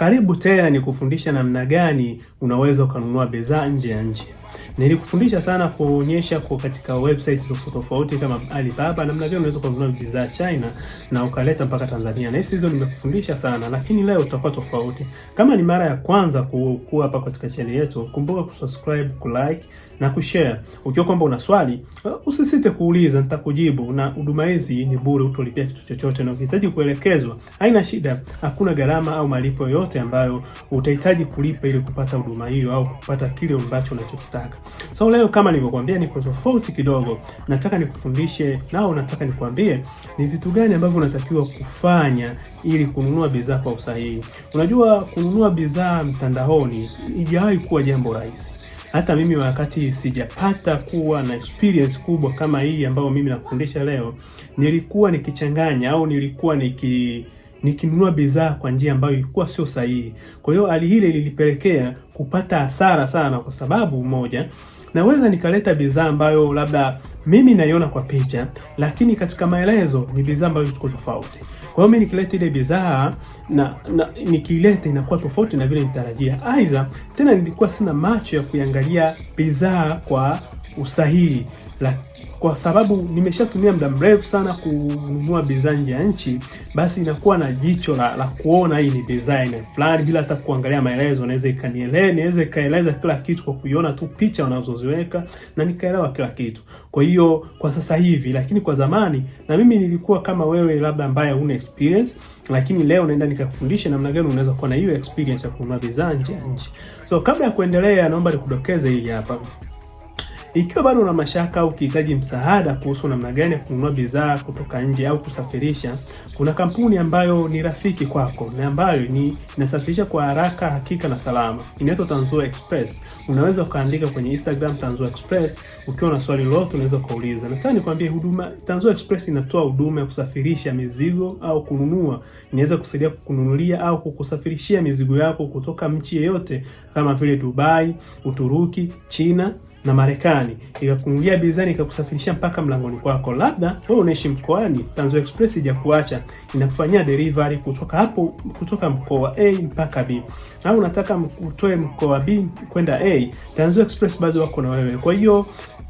Karibu tena nikufundisha namna gani unaweza ukanunua bidhaa nje ya nchi. Nilikufundisha sana kuonyesha kwa katika website tofauti tofauti kama Alibaba, namna gani unaweza kununua bidhaa China na ukaleta mpaka Tanzania. Na hizo nimekufundisha sana, lakini leo utakuwa tofauti. Kama ni mara ya kwanza kuwa hapa katika channel yetu, kumbuka kusubscribe, kulike na kushare. Ukiwa kwamba una swali, usisite kuuliza, nitakujibu. Na huduma hizi ni bure, utolipia kitu chochote, na ukihitaji kuelekezwa, haina shida, hakuna gharama au malipo yoyote ambayo utahitaji kulipa ili kupata huduma hiyo au kupata kile ambacho unachokitaka unachotaka. So leo kama nilivyokuambia, niko tofauti kidogo, nataka nikufundishe nao, nataka nikuambie ni vitu gani ambavyo unatakiwa kufanya ili kununua bidhaa kwa usahihi. Unajua, kununua bidhaa mtandaoni ijawahi kuwa jambo rahisi hata mimi wakati sijapata kuwa na experience kubwa kama hii ambayo mimi nakufundisha leo, nilikuwa nikichanganya au nilikuwa niki nikinunua bidhaa kwa njia ambayo ilikuwa sio sahihi. Kwa hiyo hali hile lilipelekea kupata hasara sana, kwa sababu moja, naweza nikaleta bidhaa ambayo labda mimi naiona kwa picha, lakini katika maelezo ni bidhaa ambayo iko tofauti. Kwa hiyo mimi nikileta ile bidhaa na, na nikileta inakuwa tofauti na vile nitarajia. Aidha tena nilikuwa sina macho ya kuiangalia bidhaa kwa usahihi la, kwa sababu nimeshatumia muda mrefu sana kununua bidhaa nje ya nchi, basi inakuwa na jicho la, la kuona hii ni bidhaa aina fulani bila hata kuangalia maelezo. Naweza ikanielewa, naweza ikaeleza kila kitu kwa kuiona tu picha wanazoziweka na nikaelewa kila kitu. Kwa hiyo kwa sasa hivi, lakini kwa zamani, na mimi nilikuwa kama wewe, labda ambaye huna experience, lakini leo naenda nikakufundisha namna gani unaweza kuwa na hiyo experience ya kununua bidhaa nje ya nchi. So kabla ya kuendelea, naomba nikudokeze hii hapa. Ikiwa bado una mashaka au ukihitaji msaada kuhusu namna gani ya kununua bidhaa kutoka nje au kusafirisha, kuna kampuni ambayo ni rafiki kwako na ambayo ni inasafirisha kwa haraka, hakika na salama. Inaitwa Tanzua Express. Unaweza ukaandika kwenye Instagram Tanzua Express, ukiwa na swali lolote unaweza ukauliza. Nataka nikwambie huduma Tanzua Express inatoa huduma ya kusafirisha mizigo au kununua. Inaweza kusaidia kukununulia au kukusafirishia mizigo yako kutoka mchi yeyote kama vile Dubai, Uturuki, China na Marekani ikakungulia bizani ikakusafirishia mpaka mlangoni kwako. Labda wewe unaishi mkoani, Tanzu Express ijakuacha inakufanyia delivery kutoka hapo, kutoka mkoa A mpaka B, au unataka utoe mkoa B kwenda A, Tanzu Express bado wako na wewe. Kwa hiyo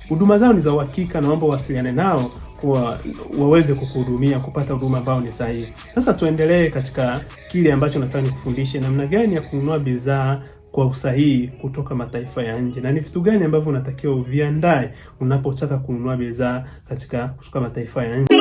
huduma zao ni za uhakika, naomba wasiliane nao wa, waweze kukuhudumia kupata huduma ambayo ni sahihi. Sasa tuendelee katika kile ambacho nataka nikufundishe namna gani ya kununua bidhaa kwa usahihi kutoka mataifa ya nje, na ni vitu gani ambavyo unatakiwa uviandae unapotaka kununua bidhaa katika kutoka mataifa ya nje.